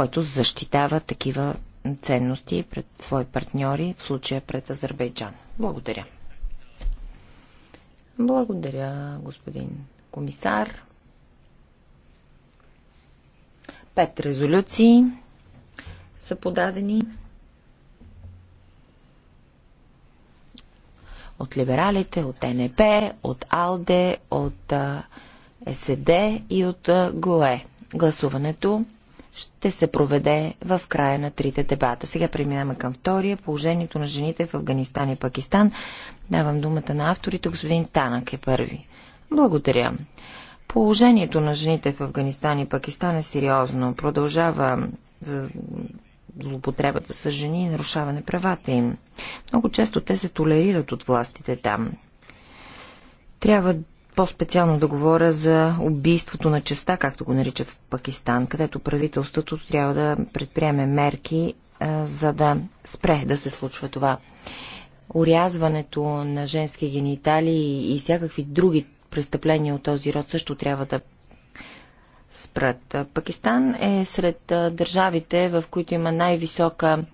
който защитава такива ценности пред свои партньори, в случая пред Азербайджан. Благодаря. Благодаря, господин комисар. Пет резолюции са подадени от либералите, от НП, от АЛДЕ, от СД и от ГОЕ. Гласуването ще се проведе в края на трите дебата. Сега преминаваме към втория. Положението на жените в Афганистан и Пакистан. Давам думата на авторите. Господин Танък е първи. Благодаря. Положението на жените в Афганистан и Пакистан е сериозно. Продължава за злопотребата с жени и нарушаване правата им. Много често те се толерират от властите там. Трябва по-специално да говоря за убийството на честа, както го наричат в Пакистан, където правителството трябва да предприеме мерки, за да спре да се случва това. Орязването на женски гениталии и всякакви други престъпления от този род също трябва да спрат. Пакистан е сред държавите, в които има най-висока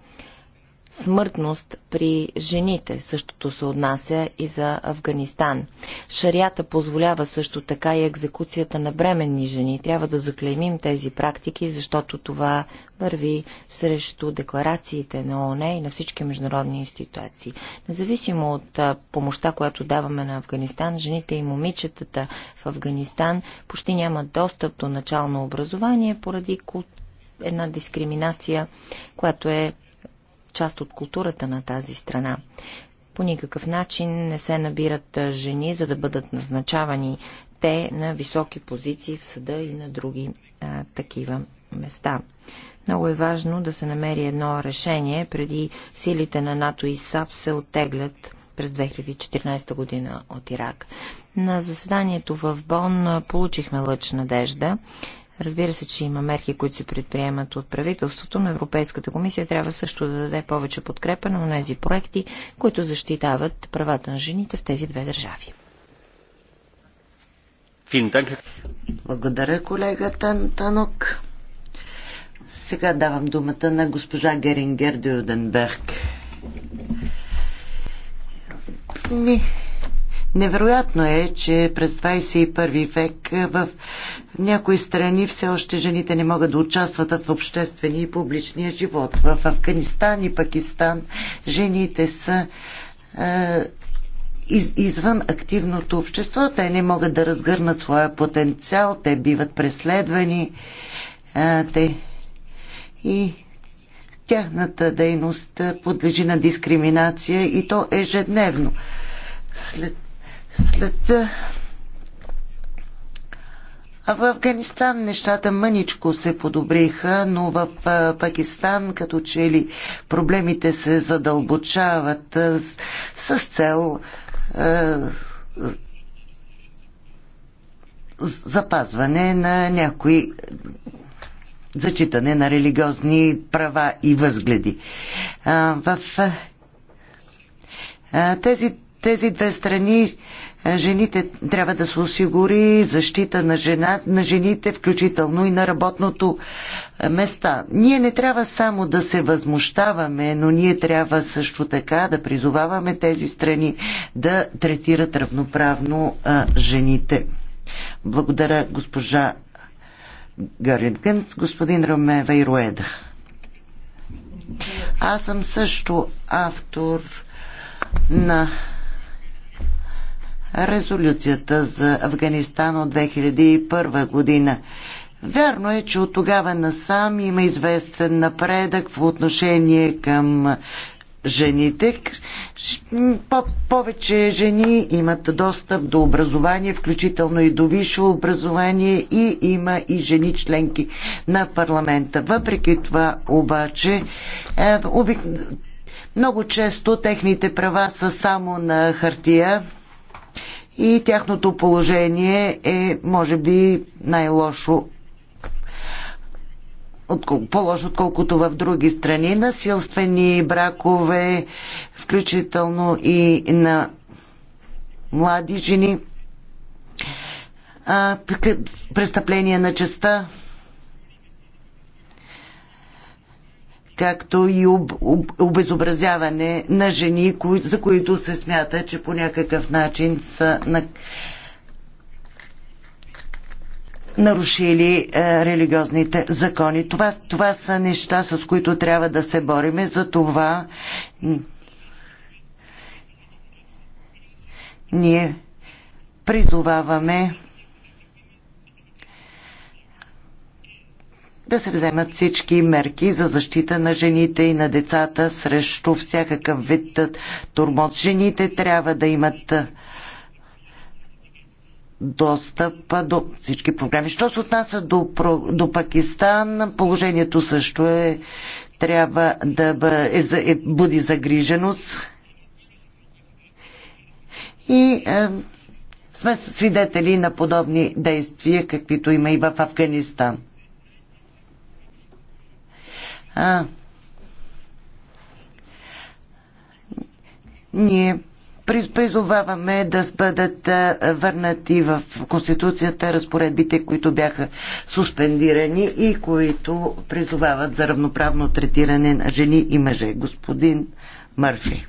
смъртност при жените. Същото се отнася и за Афганистан. Шарията позволява също така и екзекуцията на бременни жени. Трябва да заклеймим тези практики, защото това върви срещу декларациите на ООН и на всички международни институции. Независимо от помощта, която даваме на Афганистан, жените и момичетата в Афганистан почти нямат достъп до начално образование поради култура една дискриминация, която е част от културата на тази страна. По никакъв начин не се набират жени, за да бъдат назначавани те на високи позиции в съда и на други а, такива места. Много е важно да се намери едно решение преди силите на НАТО и САП се оттеглят през 2014 година от Ирак. На заседанието в Бон получихме лъч надежда Разбира се, че има мерки, които се предприемат от правителството, но Европейската комисия трябва също да даде повече подкрепа на тези проекти, които защитават правата на жените в тези две държави. Благодаря, колега Танок. Сега давам думата на госпожа Герингер Дюденберг. Невероятно е, че през 21 век е, в някои страни все още жените не могат да участват в обществения и публичния живот. В Афганистан и Пакистан жените са е, из, извън активното общество. Те не могат да разгърнат своя потенциал, те биват преследвани. Е, те и тяхната дейност подлежи на дискриминация и то ежедневно. След след в Афганистан нещата мъничко се подобриха, но в Пакистан като че ли проблемите се задълбочават с, с цел е, запазване на някои зачитане на религиозни права и възгледи. А, в а, тези тези две страни е, жените трябва да се осигури защита на, жена, на жените, включително и на работното е, места. Ние не трябва само да се възмущаваме, но ние трябва също така да призоваваме тези страни да третират равноправно а, е, жените. Благодаря госпожа Гаринкенс, господин Ромева и Руеда. Аз съм също автор на резолюцията за Афганистан от 2001 година. Вярно е, че от тогава насам има известен напредък в отношение към жените. По повече жени имат достъп до образование, включително и до висше образование и има и жени членки на парламента. Въпреки това обаче е, обик... много често техните права са само на хартия и тяхното положение е, може би, най-лошо по-лошо, отколкото в други страни. Насилствени бракове, включително и на млади жени, а, престъпления на честа. както и об, об, обезобразяване на жени, кои, за които се смята, че по някакъв начин са на, нарушили е, религиозните закони. Това, това са неща, с които трябва да се бориме. За това ние призоваваме да се вземат всички мерки за защита на жените и на децата срещу всякакъв вид турмот. Жените трябва да имат достъп до всички програми. Що се отнася до, до Пакистан, положението също е трябва да бъ, е, е, буди загриженост. И е, сме свидетели на подобни действия, каквито има и в Афганистан. А, ние призоваваме да бъдат върнати в Конституцията разпоредбите, които бяха суспендирани и които призовават за равноправно третиране на жени и мъже. Господин Мърфи.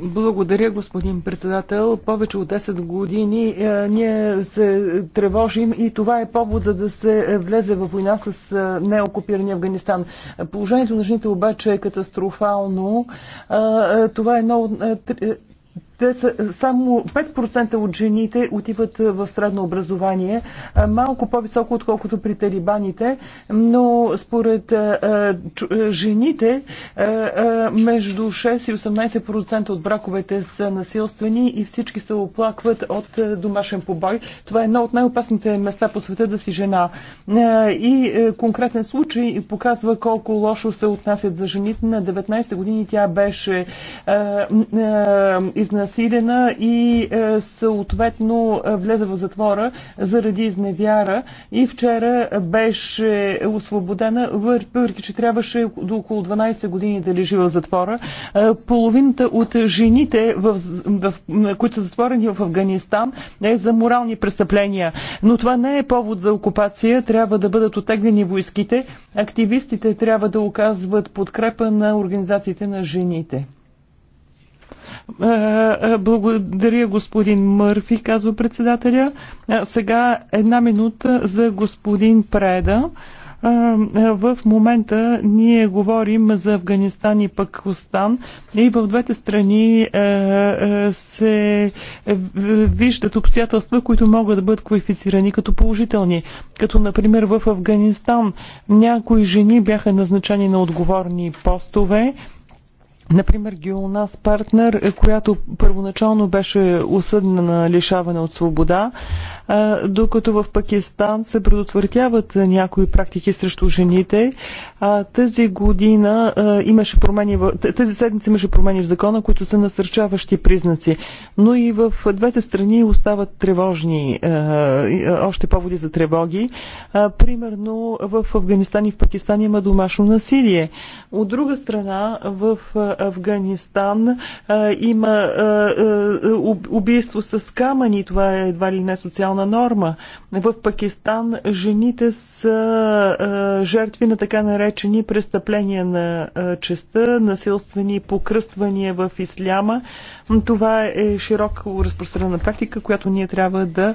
Благодаря, господин председател. Повече от 10 години а, е, ние се тревожим и това е повод за да се влезе в война с е, неокупирания Афганистан. Положението на жените обаче е катастрофално. а, е, това е едно от те са, е, само 5% от жените отиват е, в средно образование, е, малко по-високо отколкото при талибаните, но според жените между 6 и 18% от браковете са насилствени и всички се оплакват от домашен побой. Това е едно от най-опасните места по света да си жена. И конкретен случай показва колко лошо се отнасят за жените. На 19 години тя беше изнасилена насилена и е, съответно е, влезе в затвора заради изневяра и вчера беше освободена, въпреки че трябваше до около 12 години да лежи в затвора. Е, половината от жените, в, в, които са затворени в Афганистан, е за морални престъпления. Но това не е повод за окупация. Трябва да бъдат отеглени войските. Активистите трябва да оказват подкрепа на организациите на жените. Е, е, благодаря, господин Мърфи, казва председателя. Е, сега една минута за господин Преда. В момента ние говорим за Афганистан и Пакистан и в двете страни се виждат обстоятелства, които могат да бъдат квалифицирани като положителни. Като, например, в Афганистан някои жени бяха назначени на отговорни постове Например, Геонас Партнер, е, която първоначално беше осъдна на лишаване от свобода, е, докато в Пакистан се предотвъртяват някои практики срещу жените. Тази година е, имаше промени, тази седмица имаше промени в закона, които са насърчаващи признаци. Но и в двете страни остават тревожни, още поводи за тревоги. Примерно в Афганистан и в Пакистан има домашно насилие. От друга страна, в Афганистан. Има убийство с камъни, това е едва ли не социална норма. В Пакистан жените са жертви на така наречени престъпления на честа, насилствени покръствания в исляма. Това е широко разпространена практика, която ние трябва да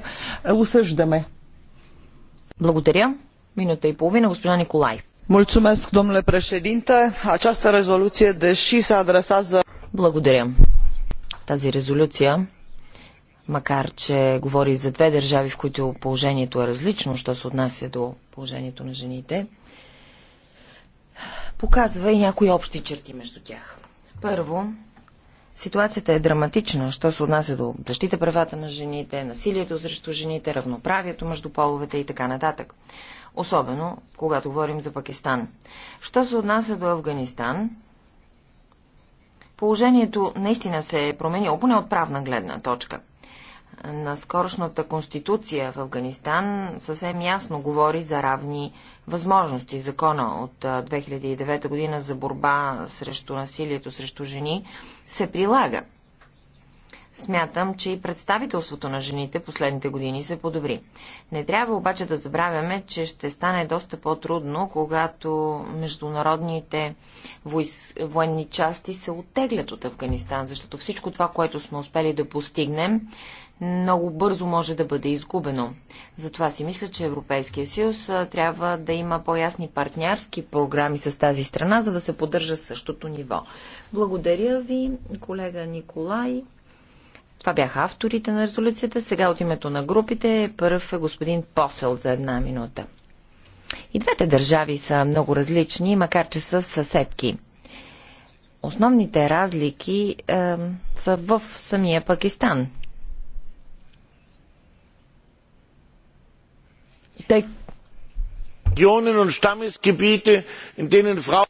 осъждаме. Благодаря. Минута и половина, госпожа Николаев. Această rezoluție, deși se adresează. Благодаря. Тази резолюция, макар че говори за две държави, в които положението е различно, що се отнася до положението на жените, показва и някои общи черти между тях. Първо, Ситуацията е драматична, що се отнася до защита правата на жените, насилието срещу жените, равноправието между половете и така нататък. Особено, когато говорим за Пакистан. Що се отнася до Афганистан, положението наистина се е променило, поне от правна гледна точка на скорошната конституция в Афганистан съвсем ясно говори за равни възможности. Закона от 2009 година за борба срещу насилието срещу жени се прилага. Смятам, че и представителството на жените последните години се подобри. Не трябва обаче да забравяме, че ще стане доста по-трудно, когато международните военни части се оттеглят от Афганистан, защото всичко това, което сме успели да постигнем, много бързо може да бъде изгубено. Затова си мисля, че Европейския съюз трябва да има по-ясни партньорски програми с тази страна, за да се поддържа същото ниво. Благодаря ви, колега Николай. Това бяха авторите на резолюцията. Сега от името на групите първ е господин Посел за една минута. И двете държави са много различни, макар че са съседки. Основните разлики е, са в самия Пакистан –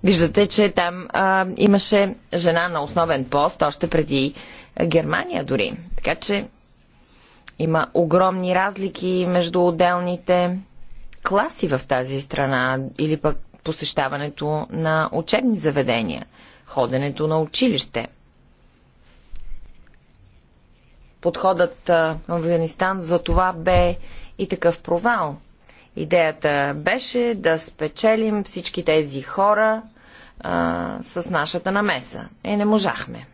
Виждате, че там а, имаше жена на основен пост още преди Германия дори. Така че има огромни разлики между отделните класи в тази страна или пък посещаването на учебни заведения, ходенето на училище. Подходът в Афганистан за това бе и такъв провал – Идеята беше да спечелим всички тези хора а, с нашата намеса. И е, не можахме.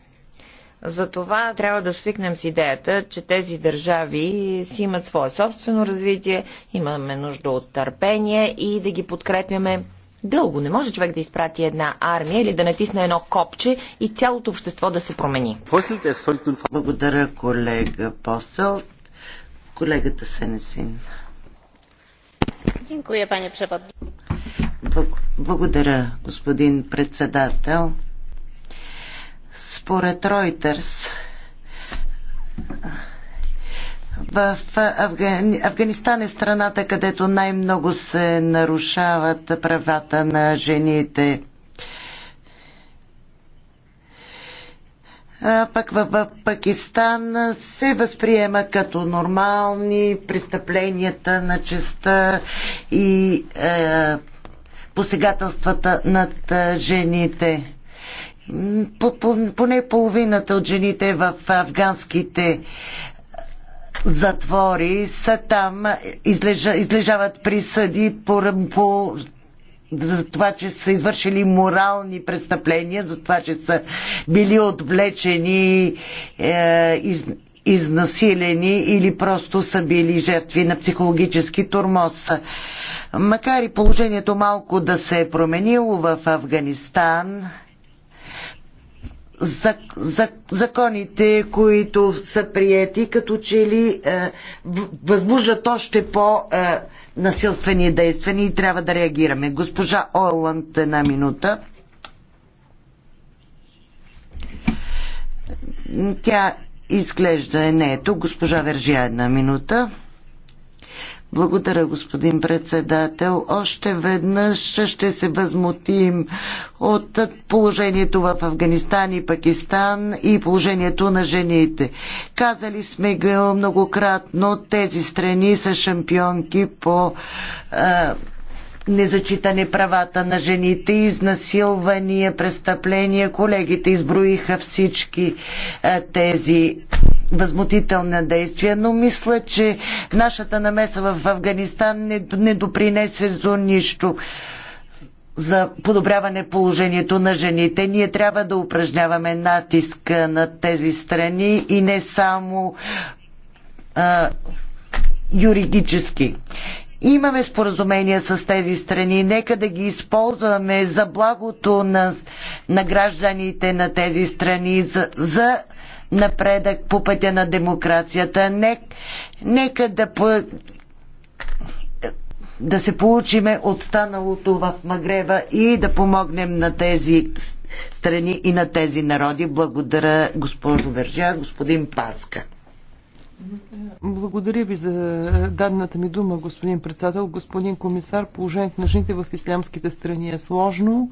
Затова трябва да свикнем с идеята, че тези държави си имат свое собствено развитие, имаме нужда от търпение и да ги подкрепяме дълго. Не може човек да изпрати една армия или да натисне едно копче и цялото общество да се промени. Благодаря, колега Посъл. Колегата Сенесин. Благодаря, господин председател. Според Ройтерс, в Афганистан е страната, където най-много се нарушават правата на жените. пък в Пакистан се възприема като нормални престъпленията на честа и е, посегателствата над е, жените. Поне половината от жените в афганските е, затвори са там, излежават присъди по, по за това, че са извършили морални престъпления, за това, че са били отвлечени, е, из, изнасилени или просто са били жертви на психологически турмоз. Макар и положението малко да се е променило в Афганистан, за, за, законите, които са приети, като че ли е, възбуждат още по- е, насилствени действия и трябва да реагираме. Госпожа Оланд, една минута. Тя изглежда е не ето. Госпожа Вержия, една минута. Благодаря, господин председател. Още веднъж ще се възмутим от положението в Афганистан и Пакистан и положението на жените. Казали сме го многократно, тези страни са шампионки по а, незачитане правата на жените, изнасилвания, престъпления. Колегите изброиха всички а, тези възмутителни действия, но мисля, че нашата намеса в Афганистан не, не допринесе за нищо за подобряване положението на жените. Ние трябва да упражняваме натиск на тези страни и не само а, юридически. Имаме споразумения с тези страни. Нека да ги използваме за благото на, на гражданите на тези страни, за, за напредък по пътя на демокрацията. Не, нека да, да се получиме от станалото в Магрева и да помогнем на тези страни и на тези народи. Благодаря, госпожо Вержа, господин Паска. Благодаря ви за дадената ми дума, господин председател. Господин комисар, положението на жените в ислямските страни е сложно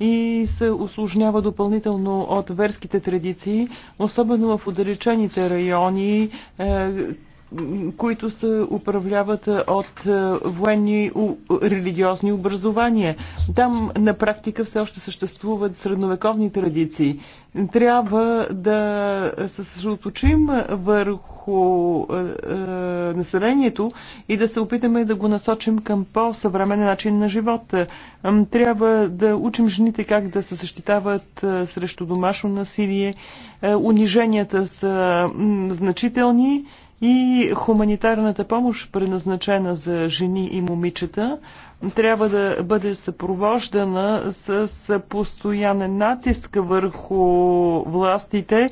и се осложнява допълнително от верските традиции, особено в отдалечените райони, е, които се управляват е, от е, военни религиозни образования. Там на практика все още съществуват средновековни традиции. Трябва да се съсредоточим върху е, населението и да се опитаме да го насочим към по-съвременен начин на живота. Трябва да учим жените как да се защитават срещу домашно насилие. Униженията са значителни и хуманитарната помощ, предназначена за жени и момичета, трябва да бъде съпровождана с постоянен натиск върху властите,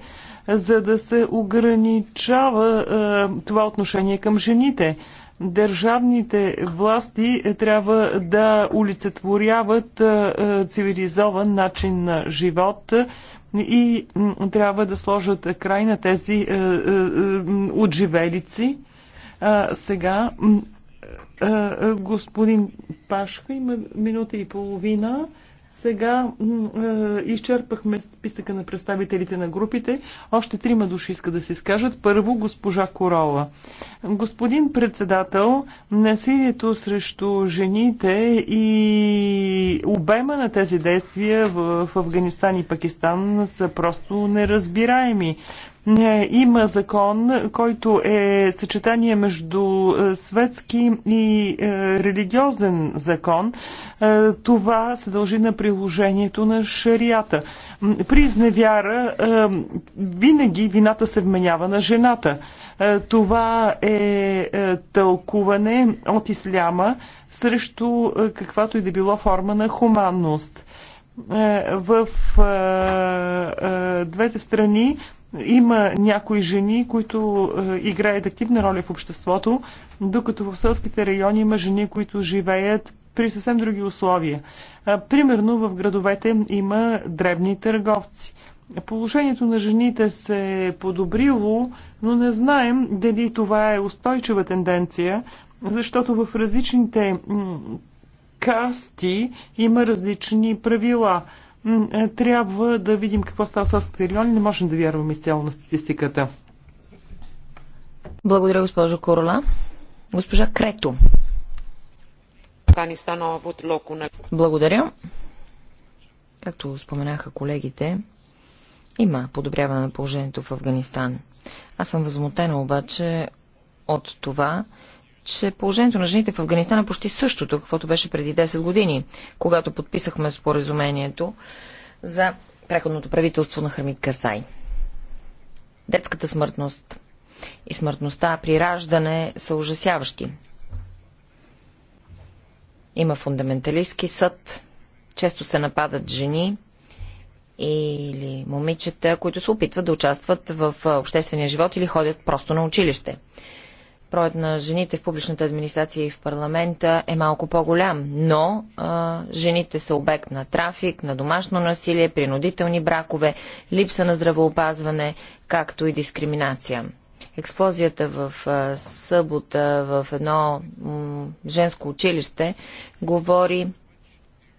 за да се ограничава е, това отношение към жените. Държавните власти е, трябва да олицетворяват е, цивилизован начин на живот, и трябва да сложат край на тези е, е, е, отживелици. Сега господин Пашко, има минута и половина. Сега е, изчерпахме списъка на представителите на групите. Още трима души иска да се изкажат. Първо госпожа Корола. Господин председател, насилието срещу жените и обема на тези действия в Афганистан и Пакистан са просто неразбираеми. Не, има закон, който е съчетание между е, светски и е, религиозен закон. Е, това се дължи на приложението на шарията. При изневяра винаги вината се вменява на жената. Това е тълкуване от исляма срещу каквато и да било форма на хуманност в двете страни има някои жени, които е, играят активна роля в обществото, докато в селските райони има жени, които живеят при съвсем други условия. Е, примерно в градовете има дребни търговци. Положението на жените се е подобрило, но не знаем дали това е устойчива тенденция, защото в различните касти има различни правила – е, трябва да видим какво става с региони. Не можем да вярваме изцяло на статистиката. Благодаря, госпожо Корола. Госпожа Крето. Благодаря. Както споменаха колегите, има подобряване на положението в Афганистан. Аз съм възмутена обаче от това, че положението на жените в Афганистан е почти същото, каквото беше преди 10 години, когато подписахме споразумението за преходното правителство на Хармит Карсай. Детската смъртност и смъртността при раждане са ужасяващи. Има фундаменталистски съд, често се нападат жени или момичета, които се опитват да участват в обществения живот или ходят просто на училище броят на жените в публичната администрация и в парламента е малко по-голям, но а, жените са обект на трафик, на домашно насилие, принудителни бракове, липса на здравеопазване, както и дискриминация. Експлозията в събота в едно женско училище говори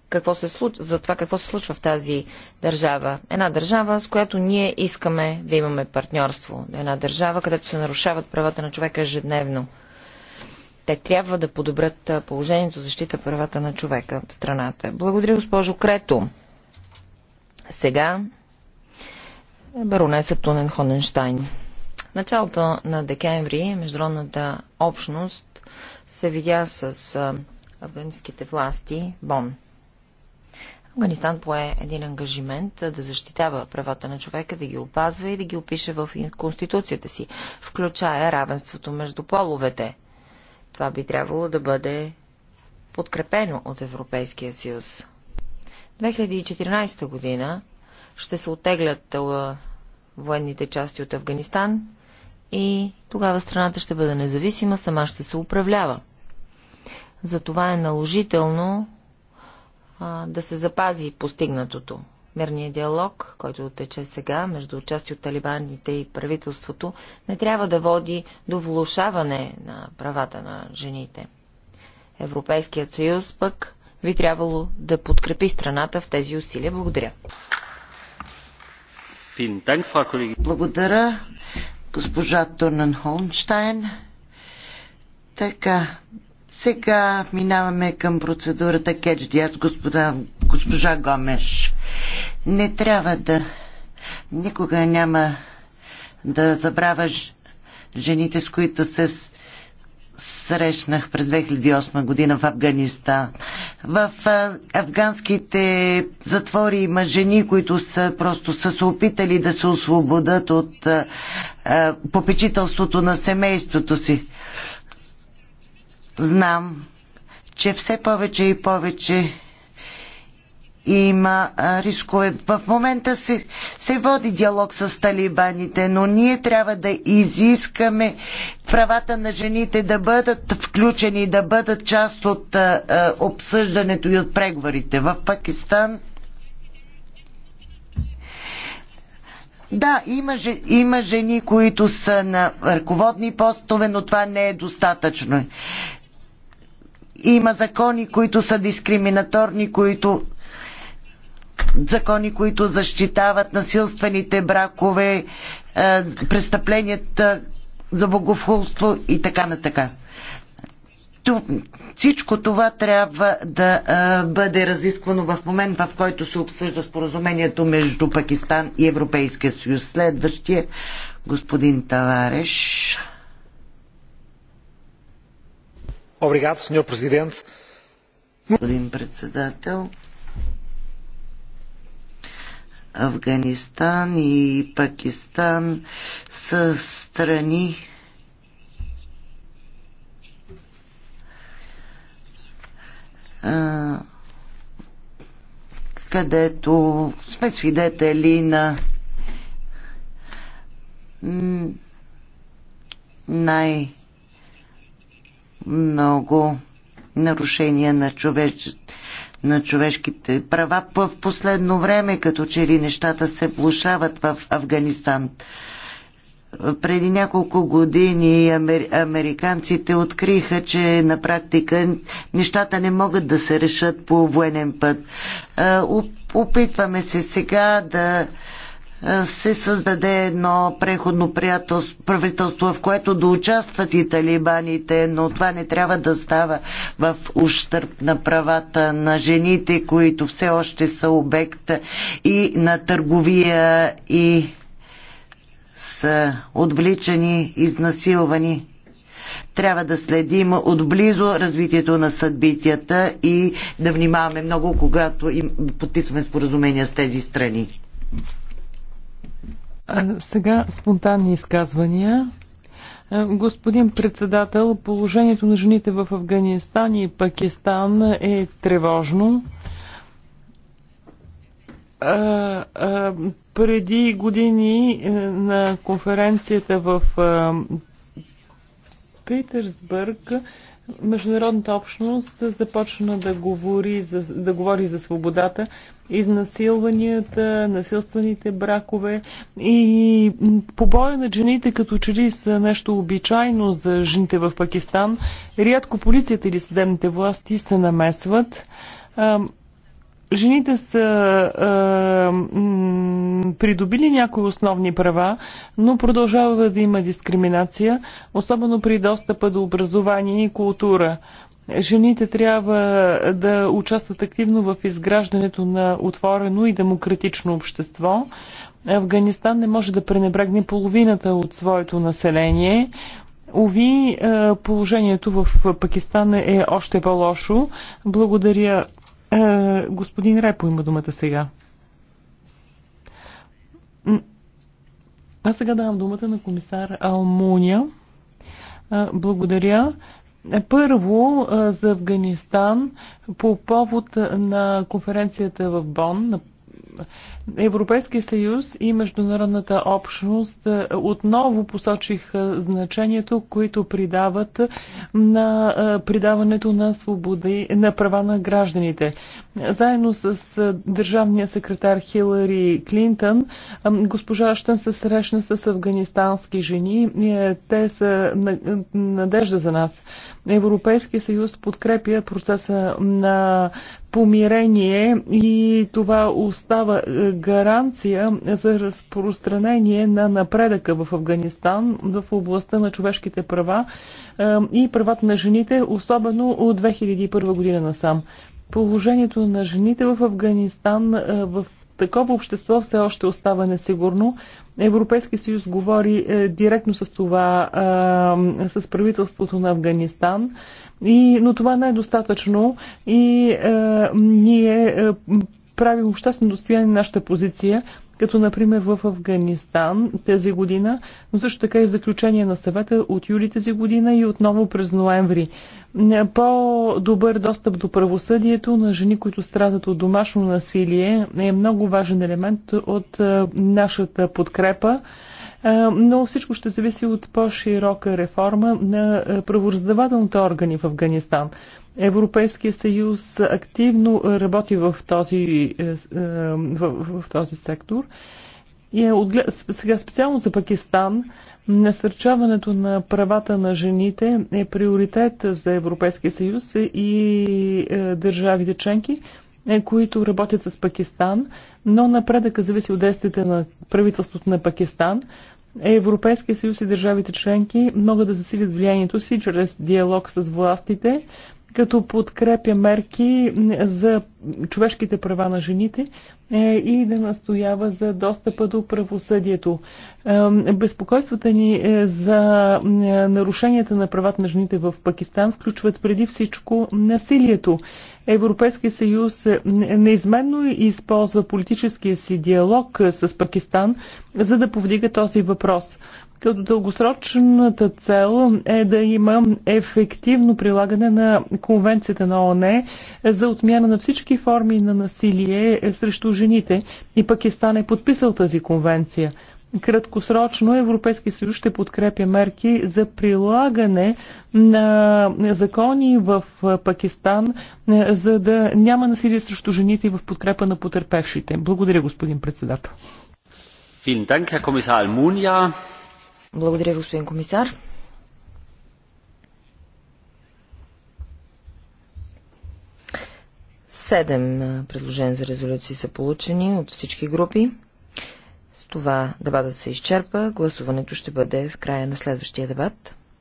какво се случва, за това какво се случва в тази държава. Една държава, с която ние искаме да имаме партньорство. Една държава, където се нарушават правата на човека ежедневно. Те трябва да подобрят положението защита правата на човека в страната. Благодаря, госпожо Крето. Сега баронеса Тунен Хоненштайн. Началото на декември международната общност се видя с афганските власти Бон. Афганистан пое един ангажимент да защитава правата на човека, да ги опазва и да ги опише в Конституцията си, включая равенството между половете. Това би трябвало да бъде подкрепено от Европейския съюз. 2014 година ще се оттеглят военните части от Афганистан и тогава страната ще бъде независима, сама ще се управлява. Затова е наложително да се запази постигнатото. Мирният диалог, който тече сега между части от талибаните и правителството, не трябва да води до влушаване на правата на жените. Европейският съюз пък би трябвало да подкрепи страната в тези усилия. Благодаря. Благодаря, госпожа Турнен Холнштайн. Така, сега минаваме към процедурата Кетч Диас, господа, госпожа Гомеш. Не трябва да... Никога няма да забраваш жените, с които се срещнах през 2008 година в Афганистан. В афганските затвори има жени, които са просто са се опитали да се освободат от а, попечителството на семейството си. Знам, че все повече и повече има рискове. В момента се, се води диалог с талибаните, но ние трябва да изискаме правата на жените да бъдат включени, да бъдат част от а, обсъждането и от преговорите. В Пакистан. Да, има, има жени, които са на ръководни постове, но това не е достатъчно. Има закони, които са дискриминаторни, които закони, които защитават насилствените бракове, е, престъпленията за богохулство и така на така. Всичко това трябва да е, бъде разисквано в момент, в който се обсъжда споразумението между Пакистан и Европейския съюз. Следващия господин Тавареш. Господин председател, Афганистан и Пакистан са страни, където сме свидетели на най- много нарушения на, човеч... на човешките права. В последно време, като че ли нещата се влушават в Афганистан. Преди няколко години амер... американците откриха, че на практика нещата не могат да се решат по военен път. Е, опитваме се сега да е, се създаде едно преходно правителство, в което да участват и талибаните, но това не трябва да става в ущърп на правата на жените, които все още са обект и на търговия и са отвличани, изнасилвани. Трябва да следим отблизо развитието на съдбитията и да внимаваме много, когато подписваме споразумения с тези страни. Сега спонтанни изказвания. Господин председател, положението на жените в Афганистан и Пакистан е тревожно. А, а, преди години е, на конференцията в Питерсбърг международната общност започна да говори за, да говори за свободата, изнасилванията, насилствените бракове и побоя на жените като че ли са нещо обичайно за жените в Пакистан. Рядко полицията или съдебните власти се намесват. Жените са придобили някои основни права, но продължава да има дискриминация, особено при достъпа до образование и култура. Жените трябва да участват активно в изграждането на отворено и демократично общество. Афганистан не може да пренебрегне половината от своето население. Ови, е, положението в Пакистан е още по-лошо. Благодаря. Е, господин Репо има думата сега. А сега давам думата на комисар Алмуния. Благодаря. Първо за Афганистан по повод на конференцията в Бон на Европейския съюз и международната общност е, отново посочиха е, значението, които придават е, на придаването на свободи, на права на гражданите. Заедно с държавния секретар Хилари Клинтън, госпожа Штън се срещна с афганистански жени. Те са надежда за нас. Европейския съюз подкрепя процеса на помирение и това остава е, гаранция за разпространение на напредъка в Афганистан в областта на човешките права е, и правата на жените, особено от 2001 година насам. Положението на жените в Афганистан е, в такова общество все още остава несигурно. Европейски съюз говори е, директно с това, е, с правителството на Афганистан. И, но това не е достатъчно и е, ние е, правим обществено достояние на нашата позиция, като например в Афганистан тази година, но също така и заключение на съвета от юли тази година и отново през ноември. По-добър достъп до правосъдието на жени, които страдат от домашно насилие е много важен елемент от е, нашата подкрепа но всичко ще зависи от по-широка реформа на правораздавателните органи в Афганистан. Европейския съюз активно работи в този, е, е, в, в този сектор. И е, сега специално за Пакистан, насърчаването на правата на жените е приоритет за Европейския съюз и държавите членки, които работят с Пакистан, но напредъка зависи от действията на правителството на Пакистан. Европейския съюз и държавите членки могат да засилят влиянието си чрез диалог с властите, като подкрепя мерки за човешките права на жените е, и да настоява за достъпа до правосъдието. Безпокойствата ни е, за е, нарушенията на правата на жените в Пакистан включват преди всичко насилието. Европейския съюз неизменно използва политическия си диалог с Пакистан, за да повдига този въпрос. Като дългосрочната цел е да има ефективно прилагане на Конвенцията на ООН за отмяна на всички форми на насилие срещу жените и Пакистан е подписал тази конвенция. Краткосрочно Европейски съюз ще подкрепя мерки за прилагане на закони в Пакистан, за да няма насилие срещу жените и в подкрепа на потерпевшите. Благодаря, господин председател. Благодаря, господин комисар. Седем предложения за резолюции са получени от всички групи. С това дебатът се изчерпа. Гласуването ще бъде в края на следващия дебат.